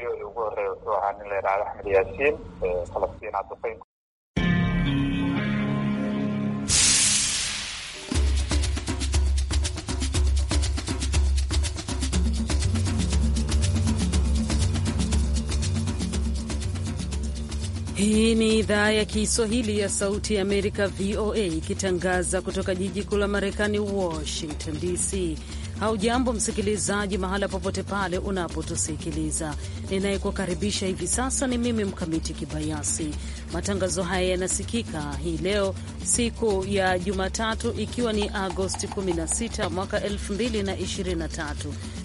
geeriyooda ugu horreeya wuxuu ahaa nin la yidhahdo axmed yaasiin falastiin adduqeyn Hii ni idhaa ya Kiswahili ya Sauti ya Amerika, VOA, ikitangaza kutoka jiji kuu la Marekani, Washington DC. Haujambo msikilizaji, mahala popote pale unapotusikiliza. Ninayekukaribisha hivi sasa ni mimi Mkamiti Kibayasi. Matangazo haya yanasikika hii leo siku ya Jumatatu, ikiwa ni Agosti 16 mwaka 2023.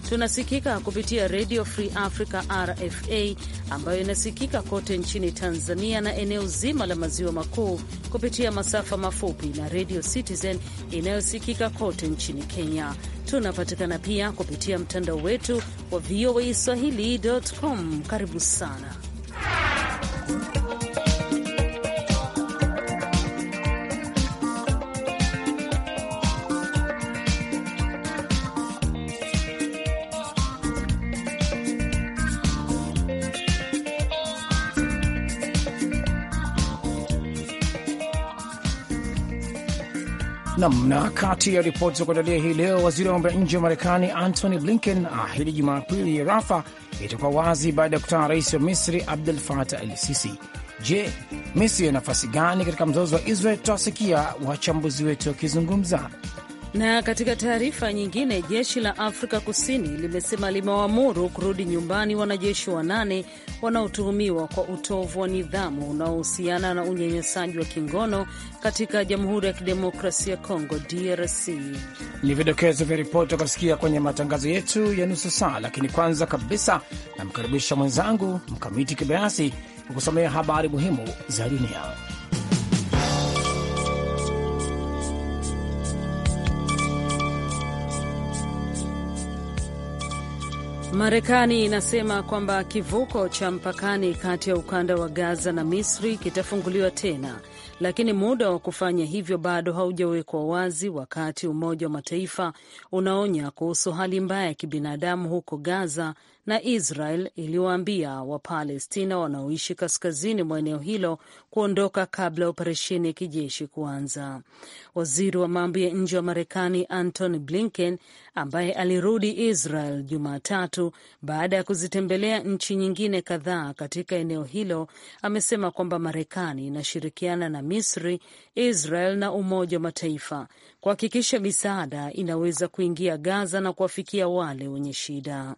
Tunasikika kupitia Radio Free Africa, RFA, ambayo inasikika kote nchini Tanzania na eneo zima la maziwa makuu kupitia masafa mafupi na Radio Citizen inayosikika kote nchini Kenya. Tunapatikana pia kupitia mtandao wetu wa VOA swahili.com. Karibu sana Nam. Na kati ya ripoti za kuandalia hii leo, waziri wa mambo ya nje wa Marekani Antony Blinken ahidi Jumapili Rafa itakuwa wazi baada ya kutana na rais wa Misri Abdul Fatah el Sisi. Je, Misri ya nafasi gani katika mzozo wa Israel? Tutawasikia wachambuzi wetu wakizungumza. Na katika taarifa nyingine, jeshi la Afrika Kusini limesema limewaamuru kurudi nyumbani wanajeshi wanane wanaotuhumiwa kwa utovu wa nidhamu unaohusiana na unyanyasaji wa kingono katika Jamhuri ya Kidemokrasia ya Kongo, DRC. Ni vidokezo vya ripoti wakasikia kwenye matangazo yetu ya nusu saa, lakini kwanza kabisa namkaribisha mwenzangu Mkamiti Kibayasi kukusomea habari muhimu za dunia. Marekani inasema kwamba kivuko cha mpakani kati ya ukanda wa Gaza na Misri kitafunguliwa tena, lakini muda wa kufanya hivyo bado haujawekwa wazi, wakati Umoja wa Mataifa unaonya kuhusu hali mbaya ya kibinadamu huko Gaza na Israel iliwaambia Wapalestina wanaoishi kaskazini mwa eneo hilo kuondoka kabla ya operesheni ya kijeshi kuanza. Waziri wa mambo ya nje wa Marekani Antony Blinken ambaye alirudi Israel Jumatatu baada ya kuzitembelea nchi nyingine kadhaa katika eneo hilo, amesema kwamba Marekani inashirikiana na Misri, Israel na Umoja wa Mataifa kuhakikisha misaada inaweza kuingia Gaza na kuwafikia wale wenye shida.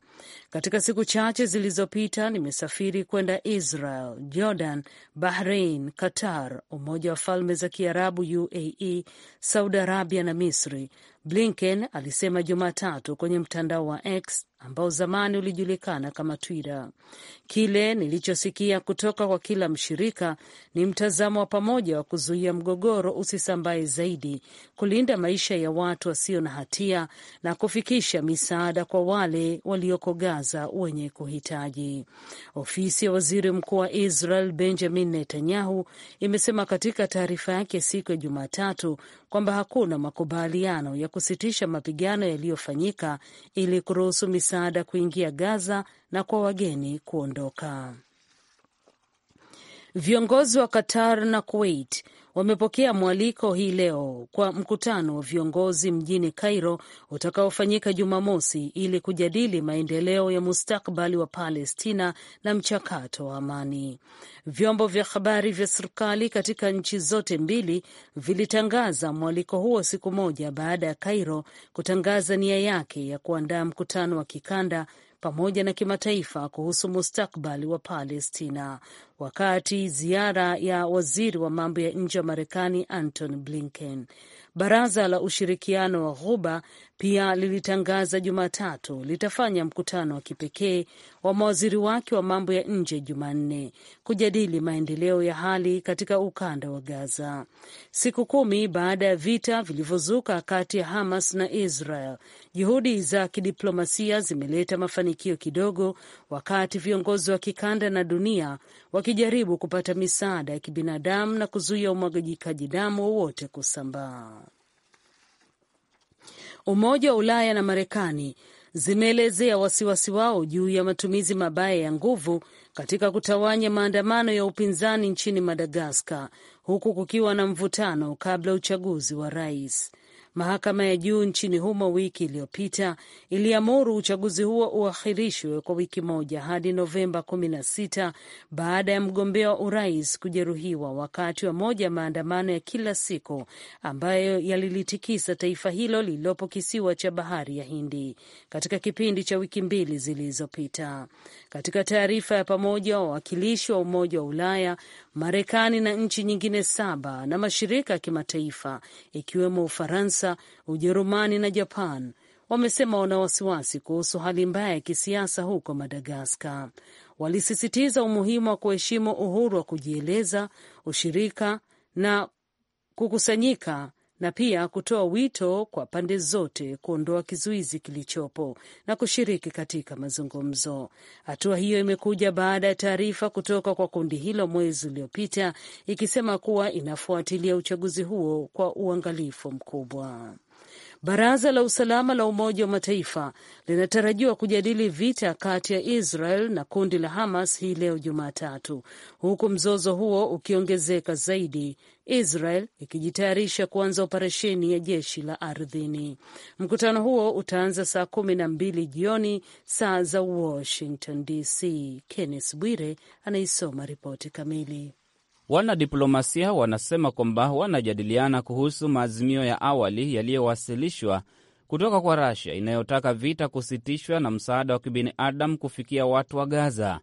Katika siku chache zilizopita, nimesafiri kwenda Israel, Jordan, Bahrain, Qatar, Umoja wa Falme za Kiarabu UAE, Saudi Arabia na Misri Blinken alisema Jumatatu kwenye mtandao wa X ambao zamani ulijulikana kama Twitter. Kile nilichosikia kutoka kwa kila mshirika ni mtazamo wa pamoja wa kuzuia mgogoro usisambae zaidi, kulinda maisha ya watu wasio na hatia na kufikisha misaada kwa wale walioko Gaza wenye kuhitaji. Ofisi ya waziri mkuu wa Israel Benjamin Netanyahu imesema katika taarifa yake siku ya Jumatatu kwamba hakuna makubaliano ya kusitisha mapigano yaliyofanyika ili kuruhusu misaada kuingia Gaza na kwa wageni kuondoka. Viongozi wa Qatar na Kuwait wamepokea mwaliko hii leo kwa mkutano wa viongozi mjini Cairo utakaofanyika Jumamosi ili kujadili maendeleo ya mustakbali wa Palestina na mchakato wa amani. Vyombo vya habari vya serikali katika nchi zote mbili vilitangaza mwaliko huo siku moja baada ya Cairo kutangaza nia yake ya kuandaa mkutano wa kikanda pamoja na kimataifa kuhusu mustakbali wa Palestina wakati ziara ya waziri wa mambo ya nje wa Marekani Anton Blinken. Baraza la ushirikiano wa Ghuba pia lilitangaza Jumatatu litafanya mkutano wa kipekee wa mawaziri wake wa mambo ya nje Jumanne kujadili maendeleo ya hali katika ukanda wa Gaza, siku kumi baada ya vita vilivyozuka kati ya Hamas na Israel. Juhudi za kidiplomasia zimeleta mafanikio kidogo, wakati viongozi wa kikanda na dunia wakijaribu kupata misaada ya kibinadamu na kuzuia umwagajikaji damu wowote kusambaa. Umoja wa Ulaya na Marekani zimeelezea wasiwasi wao juu ya matumizi mabaya ya nguvu katika kutawanya maandamano ya upinzani nchini Madagaskar, huku kukiwa na mvutano kabla uchaguzi wa rais. Mahakama ya juu nchini humo wiki iliyopita iliamuru uchaguzi huo uahirishwe kwa wiki moja hadi Novemba 16 baada ya mgombea wa urais kujeruhiwa wakati wa moja ya maandamano ya kila siku ambayo yalilitikisa taifa hilo lililopo kisiwa cha bahari ya Hindi katika kipindi cha wiki mbili zilizopita. Katika taarifa ya pamoja, wawakilishi wa Umoja wa Ulaya, Marekani na nchi nyingine saba na mashirika ya kimataifa ikiwemo Ufaransa Ufaransa, Ujerumani na Japan wamesema wana wasiwasi kuhusu hali mbaya ya kisiasa huko Madagaskar. Walisisitiza umuhimu wa kuheshimu uhuru wa kujieleza, ushirika na kukusanyika na pia kutoa wito kwa pande zote kuondoa kizuizi kilichopo na kushiriki katika mazungumzo. Hatua hiyo imekuja baada ya taarifa kutoka kwa kundi hilo mwezi uliopita ikisema kuwa inafuatilia uchaguzi huo kwa uangalifu mkubwa. Baraza la usalama la Umoja wa Mataifa linatarajiwa kujadili vita kati ya Israel na kundi la Hamas hii leo Jumatatu, huku mzozo huo ukiongezeka zaidi Israel ikijitayarisha kuanza operesheni ya jeshi la ardhini. Mkutano huo utaanza saa kumi na mbili jioni saa za Washington DC. Kenneth Bwire anaisoma ripoti kamili. Wanadiplomasia wanasema kwamba wanajadiliana kuhusu maazimio ya awali yaliyowasilishwa kutoka kwa Rasia inayotaka vita kusitishwa na msaada wa kibinadamu kufikia watu wa Gaza.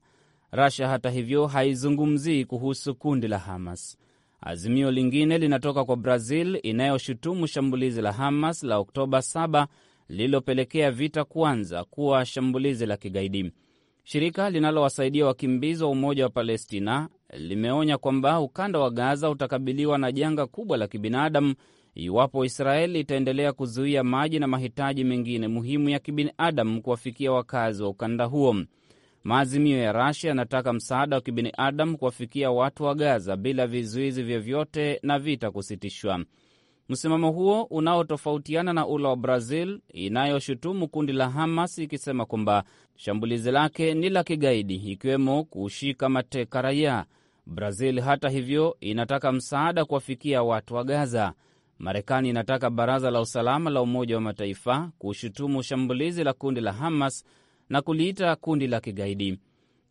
Rasia hata hivyo haizungumzii kuhusu kundi la Hamas. Azimio lingine linatoka kwa Brazil inayoshutumu shambulizi la Hamas la Oktoba 7 lililopelekea vita kuanza kuwa shambulizi la kigaidi. Shirika linalowasaidia wakimbizi wa Umoja wa Palestina limeonya kwamba ukanda wa Gaza utakabiliwa na janga kubwa la kibinadamu iwapo Israeli itaendelea kuzuia maji na mahitaji mengine muhimu ya kibinadamu kuwafikia wakazi wa ukanda huo. Maazimio ya Rasia yanataka msaada wa kibinadamu kuwafikia watu wa Gaza bila vizuizi vyovyote na vita kusitishwa. Msimamo huo unaotofautiana na ule wa Brazil inayoshutumu kundi la Hamas ikisema kwamba shambulizi lake ni la kigaidi, ikiwemo kushika mateka raia. Brazil hata hivyo inataka msaada kuwafikia watu wa Gaza. Marekani inataka baraza la usalama la Umoja wa Mataifa kushutumu shambulizi la kundi la Hamas na kuliita kundi la kigaidi.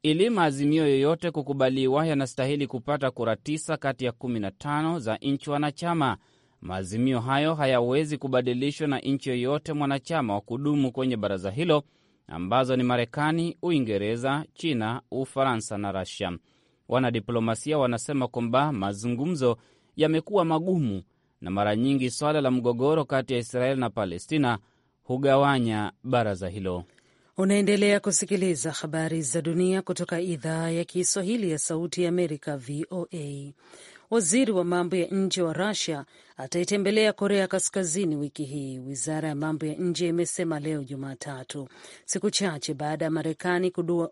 Ili maazimio yoyote kukubaliwa, yanastahili kupata kura tisa kati ya 15 za nchi wanachama. Maazimio hayo hayawezi kubadilishwa na nchi yoyote mwanachama wa kudumu kwenye baraza hilo ambazo ni Marekani, Uingereza, China, Ufaransa na Rasia. Wanadiplomasia wanasema kwamba mazungumzo yamekuwa magumu na mara nyingi swala la mgogoro kati ya Israeli na Palestina hugawanya baraza hilo. Unaendelea kusikiliza habari za dunia kutoka idhaa ya Kiswahili ya Sauti ya Amerika, VOA. Waziri wa mambo ya nje wa Rusia ataitembelea Korea Kaskazini wiki hii, wizara ya mambo ya nje imesema leo Jumatatu, siku chache baada ya Marekani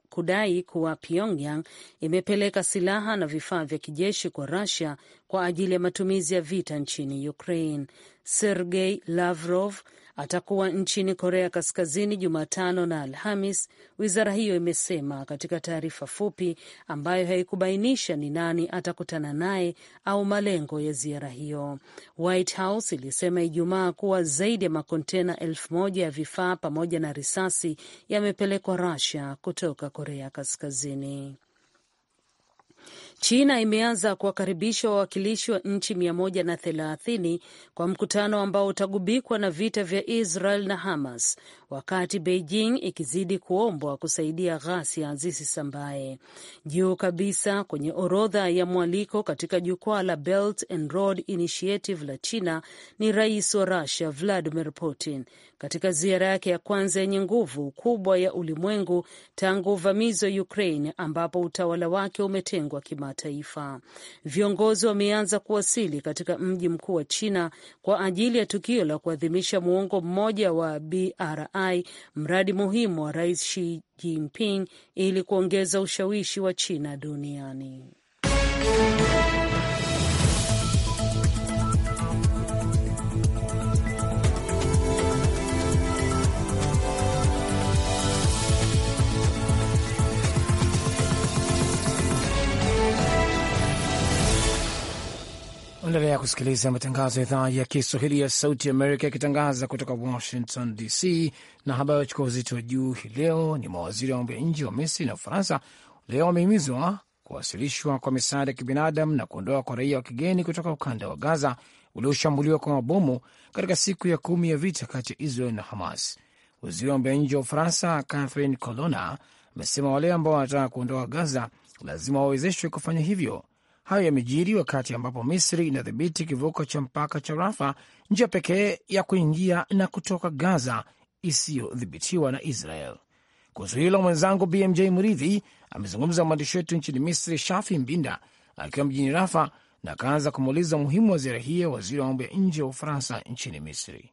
kudai kuwa Pyongyang imepeleka silaha na vifaa vya kijeshi kwa Rusia kwa ajili ya matumizi ya vita nchini Ukraine. Sergei Lavrov atakuwa nchini Korea Kaskazini Jumatano na Alhamis, wizara hiyo imesema katika taarifa fupi ambayo haikubainisha ni nani atakutana naye au malengo ya ziara hiyo. White House ilisema Ijumaa kuwa zaidi ya makontena elfu moja ya vifaa pamoja na risasi yamepelekwa rasia kutoka Korea Kaskazini. China imeanza kuwakaribisha wawakilishi wa nchi mia moja na thelathini kwa mkutano ambao utagubikwa na vita vya Israel na Hamas wakati Beijing ikizidi kuombwa kusaidia ghasia zisisambae. Juu kabisa kwenye orodha ya mwaliko katika jukwaa la Belt and Road Initiative la China ni rais wa Russia Vladimir Putin katika ziara yake ya kwanza yenye nguvu kubwa ya ulimwengu tangu uvamizi wa Ukraine, ambapo utawala wake umetengwa kimataifa. Viongozi wameanza kuwasili katika mji mkuu wa China kwa ajili ya tukio la kuadhimisha muongo mmoja wa BRI Shanghai, mradi muhimu wa Rais Xi Jinping ili kuongeza ushawishi wa China duniani. Endelea kusikiliza matangazo ya idhaa ya Kiswahili ya Sauti Amerika yakitangaza kutoka Washington DC. Na habari wachukua uzito wa juu hii leo ni mawaziri wa mambo ya nje wa Misri na Ufaransa leo wamehimizwa kuwasilishwa kwa misaada ya kibinadamu na kuondoa kwa raia wa kigeni kutoka ukanda wa Gaza ulioshambuliwa kwa mabomu katika siku ya kumi ya vita kati ya Israel na Hamas. Waziri wa mambo ya nje wa Ufaransa Catherine Colonna amesema wale ambao wanataka kuondoa Gaza lazima wawezeshwe kufanya hivyo Hayo yamejiri wakati ambapo Misri inadhibiti kivuko cha mpaka cha Rafa, njia pekee ya kuingia na kutoka Gaza isiyodhibitiwa na Israel. Kuhusu hilo mwenzangu BMJ Muridhi amezungumza mwandishi wetu nchini Misri, Shafi Mbinda, akiwa mjini Rafa, na akaanza kumuuliza umuhimu wa ziara hiyo waziri wa mambo ya nje wa Ufaransa nchini Misri.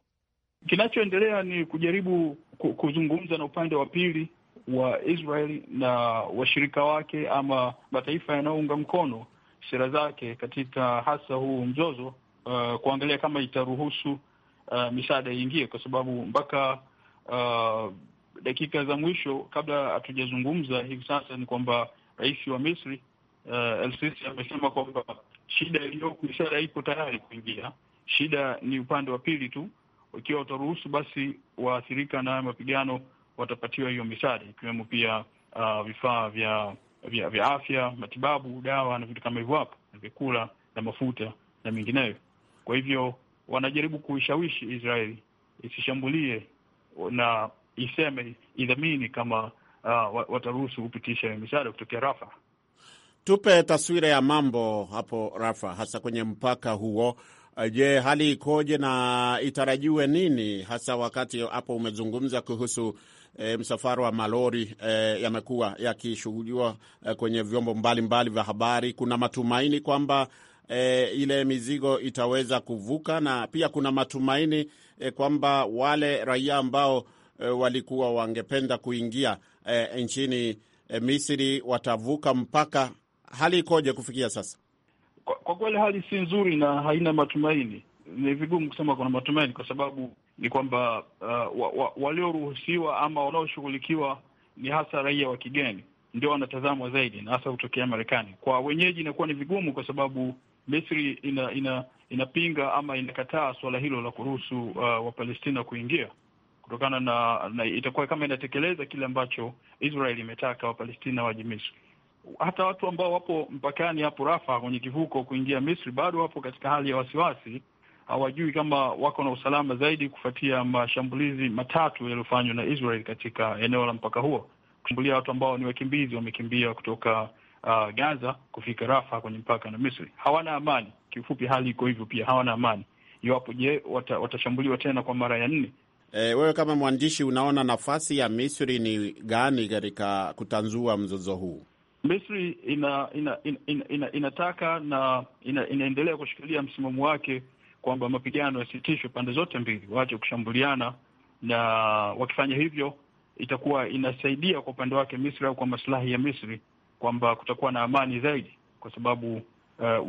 Kinachoendelea ni kujaribu kuzungumza na upande wa pili wa israel na washirika wake ama mataifa yanayounga mkono sera zake katika hasa huu mzozo uh, kuangalia kama itaruhusu uh, misaada iingie, kwa sababu mpaka uh, dakika za mwisho kabla hatujazungumza hivi sasa ni kwamba rais wa Misri uh, El-Sisi amesema kwamba shida iliyoko, misaada iko tayari kuingia, shida ni upande wa pili tu. Ikiwa utaruhusu basi waathirika na mapigano watapatiwa hiyo misaada ikiwemo pia uh, vifaa vya vya vya afya, matibabu, dawa na vitu kama hivyo hapo, na vyakula na mafuta na mengineyo. Kwa hivyo wanajaribu kuishawishi Israeli isishambulie na iseme idhamini kama uh, wataruhusu kupitisha misaada kutokea Rafa. Tupe taswira ya mambo hapo Rafa, hasa kwenye mpaka huo. Je, hali ikoje na itarajiwe nini hasa? Wakati hapo umezungumza kuhusu e, msafara wa malori e, yamekuwa yakishughuliwa e, kwenye vyombo mbalimbali vya habari. Kuna matumaini kwamba e, ile mizigo itaweza kuvuka na pia kuna matumaini e, kwamba wale raia ambao e, walikuwa wangependa kuingia e, nchini e, Misri watavuka mpaka. Hali ikoje kufikia sasa? Kwa kweli hali si nzuri na haina matumaini. Ni vigumu kusema kuna matumaini kwa sababu ni kwamba uh, wa, wa, walioruhusiwa ama wanaoshughulikiwa ni hasa raia wa kigeni ndio wanatazamwa zaidi, na hasa kutokea Marekani. Kwa wenyeji inakuwa ni vigumu, kwa sababu Misri ina, ina inapinga ama inakataa suala hilo la kuruhusu uh, Wapalestina kuingia kutokana na, na itakuwa kama inatekeleza kile ambacho Israel imetaka Wapalestina waje Misri. Hata watu ambao wapo mpakani hapo Rafa kwenye kivuko kuingia Misri bado wapo katika hali ya wasiwasi hawajui kama wako na usalama zaidi kufuatia mashambulizi matatu yaliyofanywa na Israel katika eneo la mpaka huo, kushambulia watu ambao ni wakimbizi, wamekimbia kutoka uh, Gaza kufika Rafa kwenye mpaka na Misri. Hawana amani. Kiufupi, hali iko hivyo, pia hawana amani. Iwapo je, wata, watashambuliwa tena kwa mara ya nne? E, wewe kama mwandishi unaona nafasi ya Misri ni gani katika kutanzua mzozo huu? Misri ina, ina, ina, ina, ina, inataka na ina, inaendelea kushikilia msimamo wake kwamba mapigano yasitishwe, pande zote mbili waache kushambuliana, na wakifanya hivyo itakuwa inasaidia kwa upande wake Misri au kwa masilahi ya Misri kwamba kutakuwa na amani zaidi, kwa sababu uh,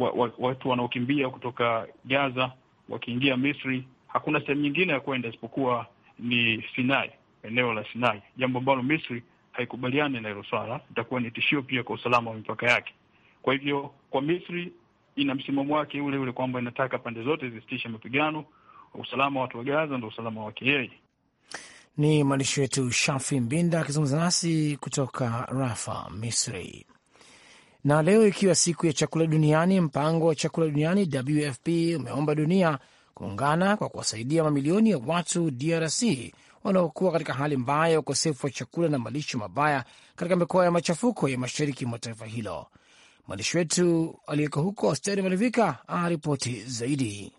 wa, wa, watu wanaokimbia kutoka Gaza wakiingia Misri hakuna sehemu nyingine ya kwenda isipokuwa ni Sinai, eneo la Sinai, jambo ambalo Misri haikubaliani na hilo swala. Itakuwa ni tishio pia kwa usalama wa mipaka yake. Kwa hivyo, kwa Misri ina msimamo wake ule ule kwamba inataka pande zote zisitishe mapigano. Usalama wa watu wa Gaza ndo usalama wake yeye. Ni mwandishi wetu Shafi Mbinda akizungumza nasi kutoka Rafa, Misri. Na leo ikiwa siku ya chakula duniani, mpango wa chakula duniani WFP umeomba dunia kuungana kwa kuwasaidia mamilioni ya watu DRC wanaokuwa katika hali mbaya ya ukosefu wa chakula na malisho mabaya katika mikoa ya machafuko ya mashariki mwa taifa hilo. Mwandishi wetu aliyeko huko Steri Malivika aripoti zaidi.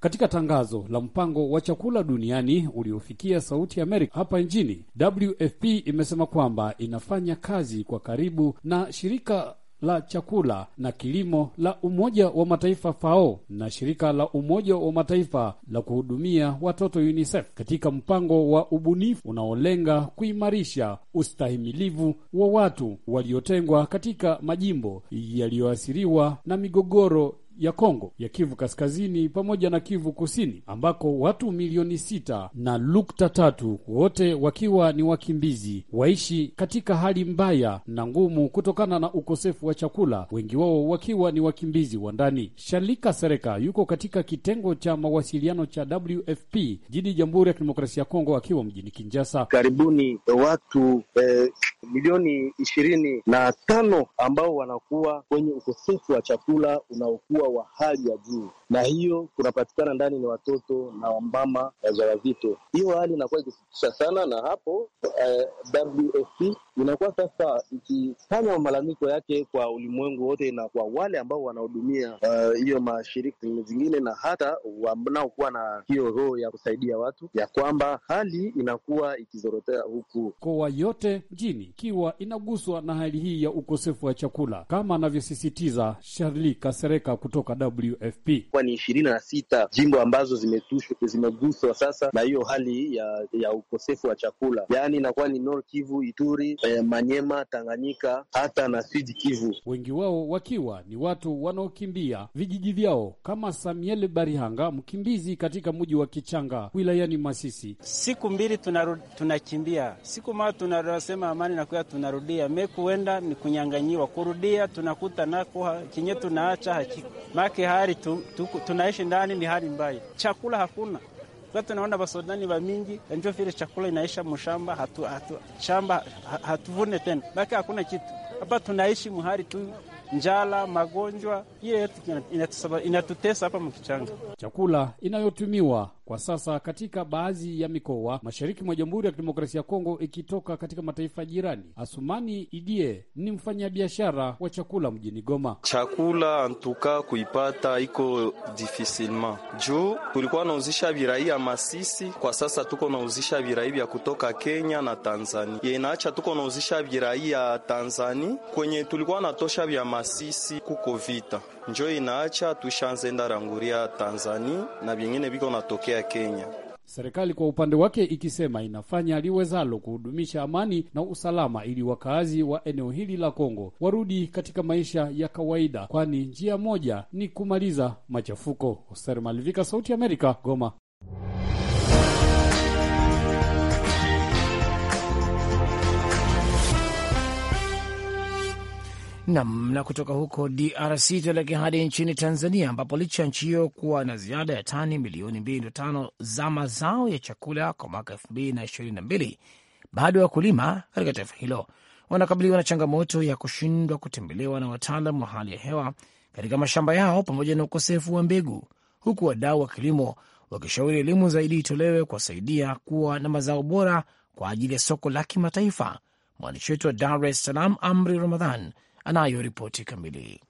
Katika tangazo la mpango wa chakula duniani uliofikia Sauti ya Amerika hapa nchini, WFP imesema kwamba inafanya kazi kwa karibu na shirika la chakula na kilimo la Umoja wa Mataifa FAO na shirika la Umoja wa Mataifa la kuhudumia watoto UNICEF katika mpango wa ubunifu unaolenga kuimarisha ustahimilivu wa watu waliotengwa katika majimbo yaliyoathiriwa na migogoro ya Kongo ya Kivu Kaskazini pamoja na Kivu Kusini, ambako watu milioni sita na lukta tatu wote wakiwa ni wakimbizi waishi katika hali mbaya na ngumu kutokana na ukosefu wa chakula, wengi wao wakiwa ni wakimbizi wa ndani. Shalika Sereka yuko katika kitengo cha mawasiliano cha WFP jini Jamhuri ya Kidemokrasia ya Kongo, akiwa mjini Kinjasa. Karibuni watu eh, milioni ishirini na tano ambao wanakuwa kwenye ukosefu wa chakula unaokuwa wa hali ya juu na hiyo kunapatikana ndani ni watoto na wamama wajawazito. Hiyo hali inakuwa ikisikitisha sana, na hapo eh, WFP inakuwa sasa ikifanya malalamiko yake kwa ulimwengu wote na kwa wale ambao wanahudumia eh, hiyo uh, mashirika zingine na hata wanaokuwa na hiyo roho ya kusaidia watu ya kwamba hali inakuwa ikizorotea huku koa yote mjini ikiwa inaguswa na hali hii ya ukosefu wa chakula, kama anavyosisitiza Sharli Kasereka kutoka WFP ni ishirini na sita jimbo ambazo zimetushwa zimeguswa sasa na hiyo hali ya, ya ukosefu wa chakula, yaani inakuwa ni Nord Kivu, Ituri, eh, Manyema, Tanganyika hata na Sud Kivu, wengi wao wakiwa ni watu wanaokimbia vijiji vyao, kama Samuel Barihanga, mkimbizi katika mji wa Kichanga wilayani Masisi. Siku mbili tunakimbia tuna siku maa tunasema amani nakuya tunarudia kuenda ni kunyanganyiwa kurudia tunakuta nako kinye tunaacha hakiko make hari tu, tu tunaishi ndani ni hali mbaya, chakula hakuna. Sasa tunaona basodani wa mingi njo vile chakula inaisha mshamba, hatu, hatu, shamba hatuvune tena baki, hakuna kitu hapa, tunaishi muhali tu njala, magonjwa, hiyo yetu inatutesa hapa mkichanga. Chakula inayotumiwa kwa sasa katika baadhi ya mikoa mashariki mwa Jamhuri ya Kidemokrasia ya Kongo ikitoka katika mataifa jirani. Asumani Idie ni mfanyabiashara wa chakula mjini Goma. Chakula antuka kuipata iko difisilma juu tulikuwa nauzisha virahi ya Masisi, kwa sasa tuko nauzisha virahi vya kutoka Kenya na Tanzania. Yenaacha tuko nauzisha virai ya Tanzania kwenye tulikuwa natosha vya Masisi, kuko vita njo inaacha tushanze ndaranguria Tanzania na vyengine viko natokea kuelekea Kenya. Serikali kwa upande wake ikisema inafanya liwezalo kuhudumisha amani na usalama ili wakaazi wa eneo hili la Kongo warudi katika maisha ya kawaida, kwani njia moja ni kumaliza machafuko. Hoser Malivika, Sauti ya Amerika, Goma. Nam. Na kutoka huko DRC tuelekea hadi nchini Tanzania, ambapo licha ya nchi hiyo kuwa na ziada ya tani milioni 2.5 za mazao ya chakula kwa mwaka 2022 bado wakulima katika taifa hilo wanakabiliwa na changamoto ya kushindwa kutembelewa na wataalam wa hali ya hewa katika mashamba yao pamoja na ukosefu wa mbegu, huku wadau wa kilimo wakishauri elimu zaidi itolewe kuwasaidia kuwa na mazao bora kwa ajili ya soko la kimataifa. Mwandishi wetu wa Dar es Salaam, Amri Ramadhan, anayo ripoti kamili.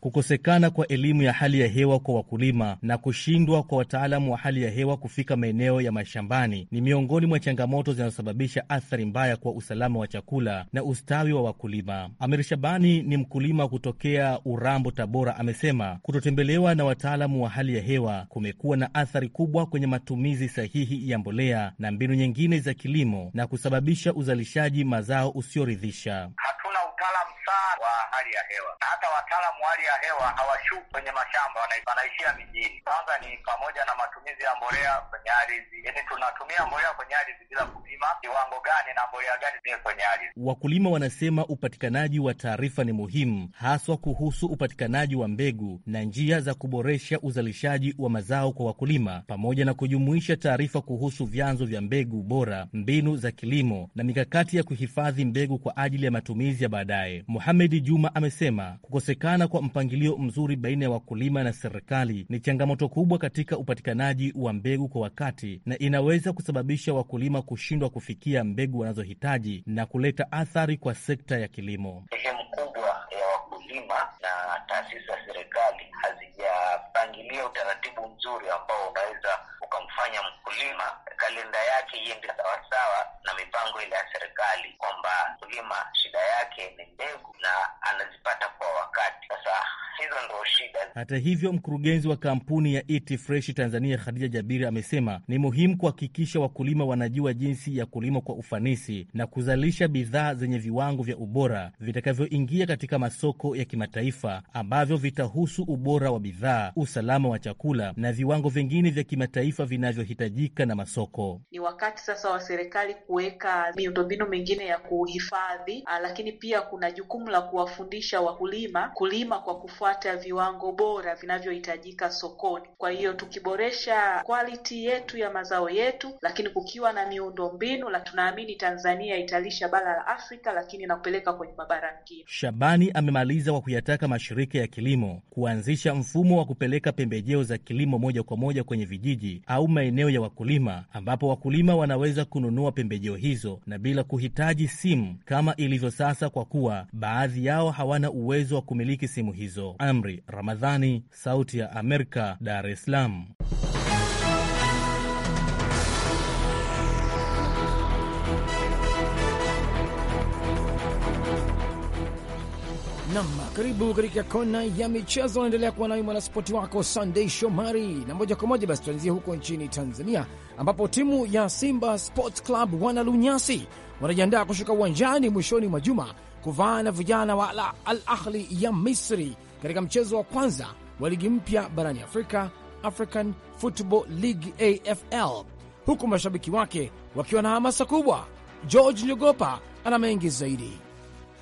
Kukosekana kwa elimu ya hali ya hewa kwa wakulima na kushindwa kwa wataalamu wa hali ya hewa kufika maeneo ya mashambani ni miongoni mwa changamoto zinazosababisha athari mbaya kwa usalama wa chakula na ustawi wa wakulima. Amir Shabani ni mkulima kutokea Urambo, Tabora. Amesema kutotembelewa na wataalamu wa hali ya hewa kumekuwa na athari kubwa kwenye matumizi sahihi ya mbolea na mbinu nyingine za kilimo na kusababisha uzalishaji mazao usioridhisha. Hatuna utaalamu saa wa hali ya hewa, na hata wataalamu wa hali ya hewa hawashuki kwenye mashamba, wanaishia mijini. Kwanza ni pamoja na matumizi ya mbolea kwenye ardhi, yaani tunatumia mbolea kwenye ardhi bila kupima kiwango gani na mbolea gani ziwe kwenye ardhi. Wakulima wanasema upatikanaji wa taarifa ni muhimu, haswa kuhusu upatikanaji wa mbegu na njia za kuboresha uzalishaji wa mazao kwa wakulima, pamoja na kujumuisha taarifa kuhusu vyanzo vya mbegu bora, mbinu za kilimo na mikakati ya kuhifadhi mbegu kwa ajili ya matumizi ya baadaye. Muhammad Saidi Juma amesema kukosekana kwa mpangilio mzuri baina ya wakulima na serikali ni changamoto kubwa katika upatikanaji wa mbegu kwa wakati na inaweza kusababisha wakulima kushindwa kufikia mbegu wanazohitaji na kuleta athari kwa sekta ya kilimo. Sehemu kubwa ya wakulima na taasisi za serikali hazijapangilia utaratibu mzuri ambao unaweza kumfanya mkulima kalenda yake iende sawasawa na mipango ile ya serikali, kwamba mkulima shida yake ni mbegu na anazipata kwa wakati. Sasa hizo ndo shida. Hata hivyo, mkurugenzi wa kampuni ya Eat Fresh Tanzania Khadija Jabiri amesema ni muhimu kuhakikisha wakulima wanajua jinsi ya kulima kwa ufanisi na kuzalisha bidhaa zenye viwango vya ubora vitakavyoingia katika masoko ya kimataifa ambavyo vitahusu ubora wa bidhaa, usalama wa chakula na viwango vingine vya kimataifa vinavyohitajika na masoko. Ni wakati sasa wa serikali kuweka miundombinu mingine ya kuhifadhi, lakini pia kuna jukumu la kuwafundisha wakulima kulima kwa kufa kufuata viwango bora vinavyohitajika sokoni. Kwa hiyo tukiboresha quality yetu ya mazao yetu, lakini kukiwa na miundombinu, la tunaamini Tanzania italisha bara la Afrika, lakini na kupeleka kwenye mabara mengine. Shabani amemaliza kwa kuyataka mashirika ya kilimo kuanzisha mfumo wa kupeleka pembejeo za kilimo moja kwa moja kwenye vijiji au maeneo ya wakulima, ambapo wakulima wanaweza kununua pembejeo hizo na bila kuhitaji simu kama ilivyo sasa, kwa kuwa baadhi yao hawana uwezo wa kumiliki simu hizo. Amri Ramadhani, Sauti ya Amerika, Dar es Salaam. Nam, karibu katika kona ya michezo. Unaendelea kuwa nami mwanaspoti wako Sunday Shomari, na moja kwa moja basi tuanzie huko nchini Tanzania, ambapo timu ya Simba Sports Club wana lunyasi wanajiandaa kushuka uwanjani mwishoni mwa juma kuvaa na vijana wa Al Ahli ya Misri katika mchezo wa kwanza wa ligi mpya barani Afrika, African Football League AFL, huku mashabiki wake wakiwa na hamasa kubwa. George Nyogopa ana mengi zaidi.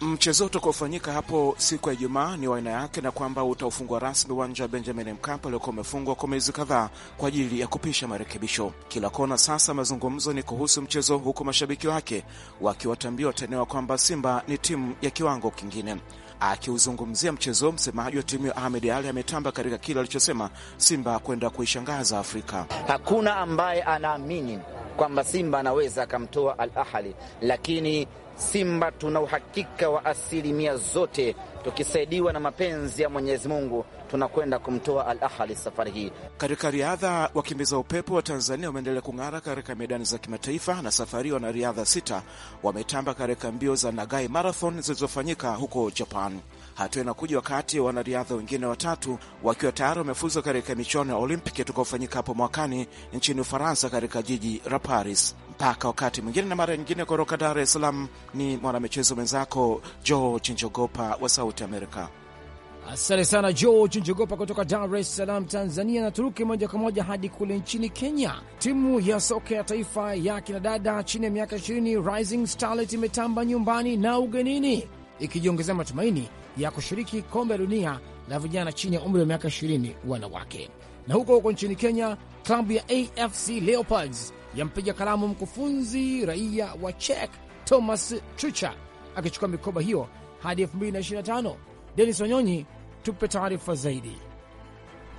Mchezo utakaofanyika hapo siku ya Ijumaa ni wa aina yake, na kwamba utaufungwa rasmi uwanja wa Benjamin Mkapa uliokuwa umefungwa kwa miezi kadhaa kwa ajili ya kupisha marekebisho. Kila kona sasa mazungumzo ni kuhusu mchezo, huku mashabiki wake wakiwatambia watenea kwamba Simba ni timu ya kiwango kingine. Akiuzungumzia mchezo msemaji wa timu ya Ahmed Ali ametamba katika kile alichosema Simba kwenda kuishangaza Afrika. Hakuna ambaye anaamini kwamba Simba anaweza akamtoa Al Ahli, lakini Simba tuna uhakika wa asilimia zote, tukisaidiwa na mapenzi ya Mwenyezi Mungu tunakwenda kumtoa Al Ahli safari hii. Katika riadha, wakimbiza upepo wa Tanzania wameendelea kung'ara katika medani za kimataifa, na safari wanariadha sita wametamba katika mbio za Nagai Marathon zilizofanyika huko Japan. Hatua inakuja wakati wanariadha wengine watatu wakiwa tayari wamefuzwa katika michuano ya Olimpiki itakaofanyika hapo mwakani nchini Ufaransa, katika jiji la Paris mpaka wakati mwingine na mara nyingine. Kutoka Dar es Salaam ni mwanamichezo mwenzako George Njogopa wa Sauti Amerika. Asante sana George Njogopa kutoka Dar es Salaam, Tanzania. Na turuke moja kwa moja hadi kule nchini Kenya. Timu ya soka ya taifa ya kinadada chini ya miaka 20 Rising Starlet imetamba nyumbani na ugenini, ikijiongezea matumaini ya kushiriki kombe la dunia la vijana chini ya umri wa miaka 20 wanawake. Na huko huko nchini Kenya, klabu ya AFC Leopards yampiga kalamu mkufunzi raia wa Czech Thomas Trucha akichukua mikoba hiyo hadi 2025. Denis Wanyonyi, tupe taarifa zaidi.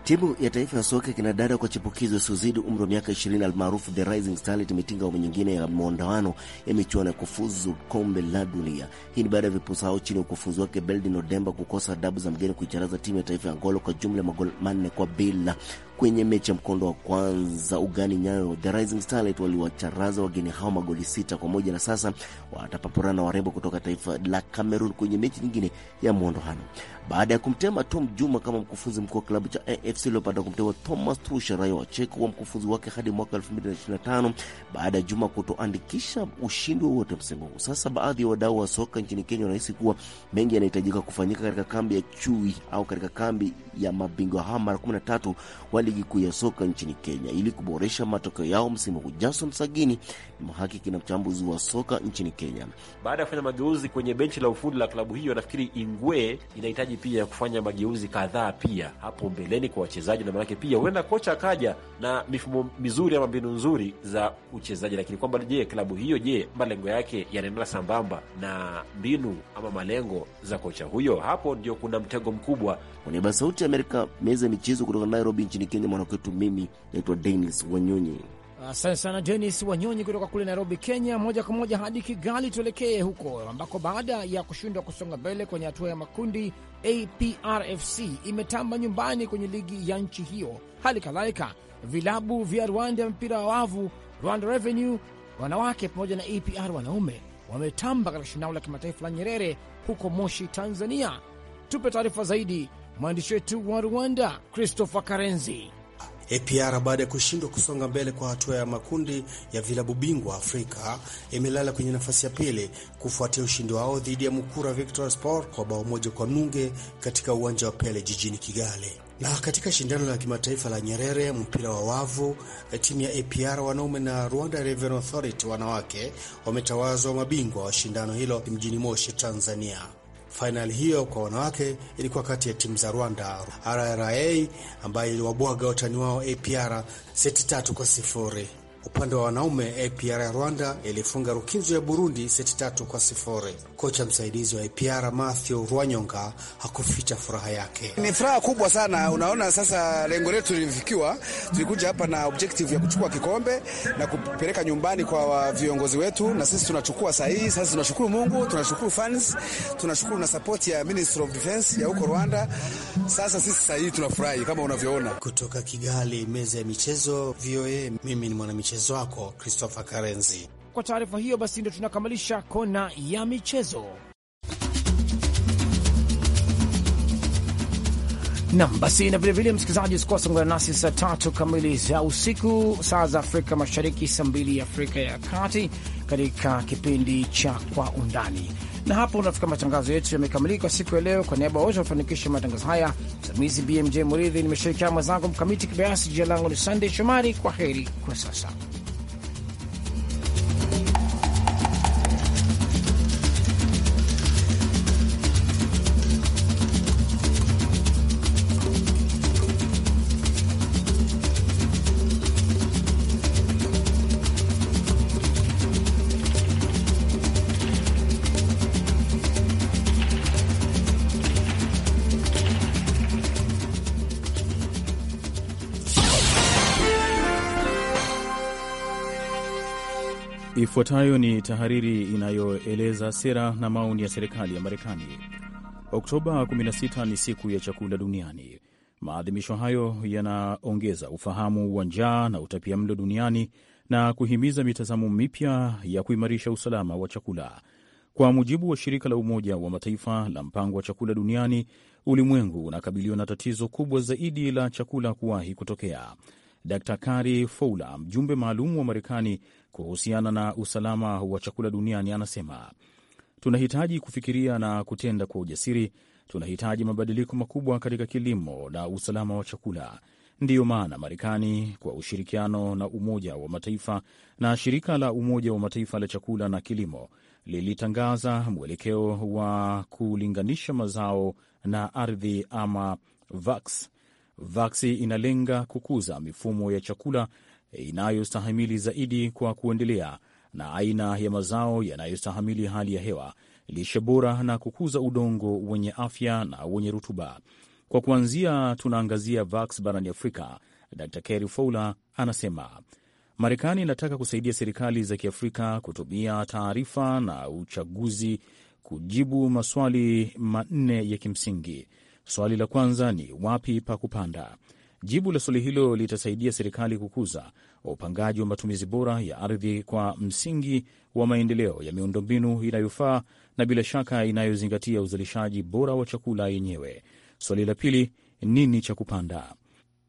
Timu ya taifa ya soka kinadada kwa chipukizi wasiozidi umri wa miaka 20 almaarufu The Rising Starlet imetinga awamu nyingine ya mwandawano ya michuano ya kufuzu kombe la dunia. Hii ni baada ya vipusa hao chini ya ukufunzi wake beldi nodemba kukosa adabu za mgeni kuicharaza timu ya taifa ya Angola kwa jumla ya magoli manne kwa bila Kwenye mechi ya mkondo wa kwanza ugani Nyayo, The Rising Starlet waliwacharaza wageni hao magoli sita kwa moja na sasa watapapurana warembo kutoka taifa la Cameroon kwenye mechi nyingine ya mwondoano baada ya kumtema Tom Juma kama mkufunzi mkuu wa klabu cha AFC Leopards na kumteua Thomas Tuchel raia wa Cheki wa mkufunzi wake hadi mwaka 2025 baada ya Juma kutoandikisha ushindi wowote msimu huu. Sasa baadhi ya wadau wa soka nchini Kenya wanahisi kuwa mengi yanahitajika kufanyika katika kambi ya chui au katika kambi ya mabingwa hao mara 13 ligi kuu ya soka nchini Kenya ili kuboresha matokeo yao msimu huu. Jason Sagini ni mhakiki na mchambuzi wa soka nchini Kenya. Baada ya kufanya mageuzi kwenye benchi la ufundi la klabu hiyo, nafikiri Ingwe inahitaji pia kufanya mageuzi kadhaa pia hapo mbeleni kwa wachezaji, na maanake pia huenda kocha akaja na mifumo mizuri ama mbinu nzuri za uchezaji, lakini kwamba je, klabu hiyo, je, malengo yake yanaendana sambamba na mbinu ama malengo za kocha huyo? Hapo ndio kuna mtego mkubwa. Kwa niaba ya Sauti ya Amerika, meza ya michezo kutoka Nairobi nchini Kenya. Kenya, mwanakwetu. Mimi naitwa Denis Wanyonyi. Asante sana Denis Wanyonyi kutoka kule Nairobi, Kenya. Moja kwa moja hadi Kigali, tuelekee huko ambako baada ya kushindwa kusonga mbele kwenye hatua ya makundi, APRFC imetamba nyumbani kwenye ligi ya nchi hiyo. Hali kadhalika vilabu vya Rwanda ya mpira wa wavu Rwanda Revenue wanawake pamoja na APR wanaume wametamba katika shindano la kimataifa la Nyerere huko Moshi, Tanzania. Tupe taarifa zaidi mwandishi wetu wa Rwanda Christopher Karenzi. APR baada ya kushindwa kusonga mbele kwa hatua ya makundi ya vilabu bingwa Afrika imelala kwenye nafasi ya pili kufuatia ushindi wao dhidi ya Mukura Victor Sport kwa bao moja kwa nunge katika uwanja wa Pele jijini Kigali. Na katika shindano la kimataifa la Nyerere mpira wa wavu, eh, timu ya APR wanaume na Rwanda Revenue Authority wanawake wametawazwa mabingwa wa shindano hilo mjini Moshi, Tanzania. Fainali hiyo kwa wanawake ilikuwa kati ya timu za Rwanda RRA ambayo iliwabwaga watani wao APR seti tatu kwa sifuri. Upande wa wanaume APR ya Rwanda ilifunga Rukinzo ya Burundi seti tatu kwa sifuri. Kocha msaidizi wa APR Mathew Rwanyonga hakuficha furaha yake. Ni furaha kubwa sana, unaona sasa lengo letu lilifikiwa. Tulikuja hapa na objective ya kuchukua kikombe na kupeleka nyumbani kwa viongozi wetu, na sisi tunachukua sahihi. Sasa tunashukuru Mungu, tunashukuru fans, tunashukuru na support ya Ministry of Defense ya huko Rwanda. Sasa sisi sahihi tunafurahi kama unavyoona. Kutoka Kigali, meza ya michezo VOA, mimi ni mwanamichezo mchezo wako Christopher Karenzi. Kwa taarifa hiyo basi, ndio tunakamilisha kona ya michezo. Nam basi, na vilevile msikilizaji, usikose kuungana nasi saa tatu kamili za usiku, saa za Afrika Mashariki, saa mbili ya Afrika ya Kati, katika kipindi cha Kwa Undani. Na hapo unafika matangazo yetu yamekamilika siku ya leo. Kwa niaba wote wafanikisha matangazo haya, msimamizi BMJ Muridhi, nimeshirikiana mwenzangu Mkamiti Kibayasi. Jina langu ni Sandey Shomari. Kwa heri kwa sasa. Ifuatayo ni tahariri inayoeleza sera na maoni ya serikali ya Marekani. Oktoba 16 ni siku ya chakula duniani. Maadhimisho hayo yanaongeza ufahamu wa njaa na utapia mlo duniani na kuhimiza mitazamo mipya ya kuimarisha usalama wa chakula. Kwa mujibu wa shirika la Umoja wa Mataifa la mpango wa chakula duniani, ulimwengu unakabiliwa na tatizo kubwa zaidi la chakula kuwahi kutokea. d Kari Fowler, mjumbe maalum wa Marekani kuhusiana na usalama wa chakula duniani anasema, tunahitaji kufikiria na kutenda kwa ujasiri. Tunahitaji mabadiliko makubwa katika kilimo na usalama wa chakula. Ndiyo maana Marekani kwa ushirikiano na Umoja wa Mataifa na shirika la Umoja wa Mataifa la chakula na kilimo lilitangaza mwelekeo wa kulinganisha mazao na ardhi ama VAX. VAX inalenga kukuza mifumo ya chakula E, inayostahimili zaidi kwa kuendelea na aina ya mazao yanayostahimili hali ya hewa, lishe bora na kukuza udongo wenye afya na wenye rutuba. Kwa kuanzia, tunaangazia VAX barani Afrika. Dr Kerry Fowler anasema Marekani inataka kusaidia serikali za Kiafrika kutumia taarifa na uchaguzi kujibu maswali manne ya kimsingi. Swali la kwanza ni wapi pa kupanda. Jibu la swali hilo litasaidia serikali kukuza upangaji wa matumizi bora ya ardhi kwa msingi wa maendeleo ya miundombinu inayofaa na bila shaka inayozingatia uzalishaji bora wa chakula yenyewe. Swali la pili, nini cha kupanda?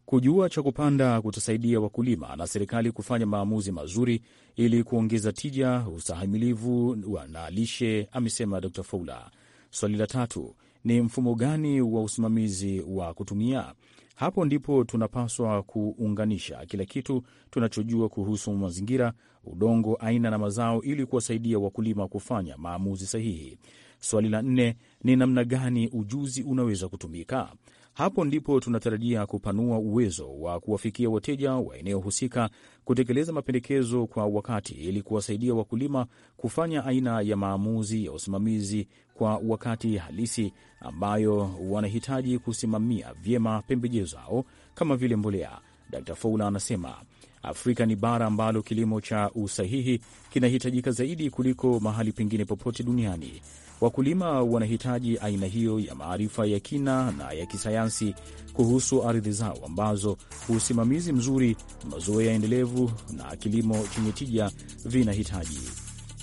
Kujua cha kupanda kutasaidia wakulima na serikali kufanya maamuzi mazuri ili kuongeza tija, ustahimilivu na lishe, amesema Dr Fowler. Swali la tatu ni mfumo gani wa usimamizi wa kutumia hapo ndipo tunapaswa kuunganisha kila kitu tunachojua kuhusu mazingira, udongo, aina na mazao, ili kuwasaidia wakulima kufanya maamuzi sahihi. Swali la nne ni namna gani ujuzi unaweza kutumika? Hapo ndipo tunatarajia kupanua uwezo wa kuwafikia wateja wa eneo husika, kutekeleza mapendekezo kwa wakati ili kuwasaidia wakulima kufanya aina ya maamuzi ya usimamizi kwa wakati halisi ambayo wanahitaji kusimamia vyema pembejeo zao kama vile mbolea. d Foula anasema Afrika ni bara ambalo kilimo cha usahihi kinahitajika zaidi kuliko mahali pengine popote duniani. Wakulima wanahitaji aina hiyo ya maarifa ya kina na ya kisayansi kuhusu ardhi zao ambazo usimamizi mzuri, mazoea endelevu na kilimo chenye tija vinahitaji.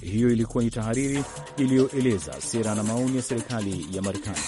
Hiyo ilikuwa ni tahariri iliyoeleza sera na maoni ya serikali ya Marekani.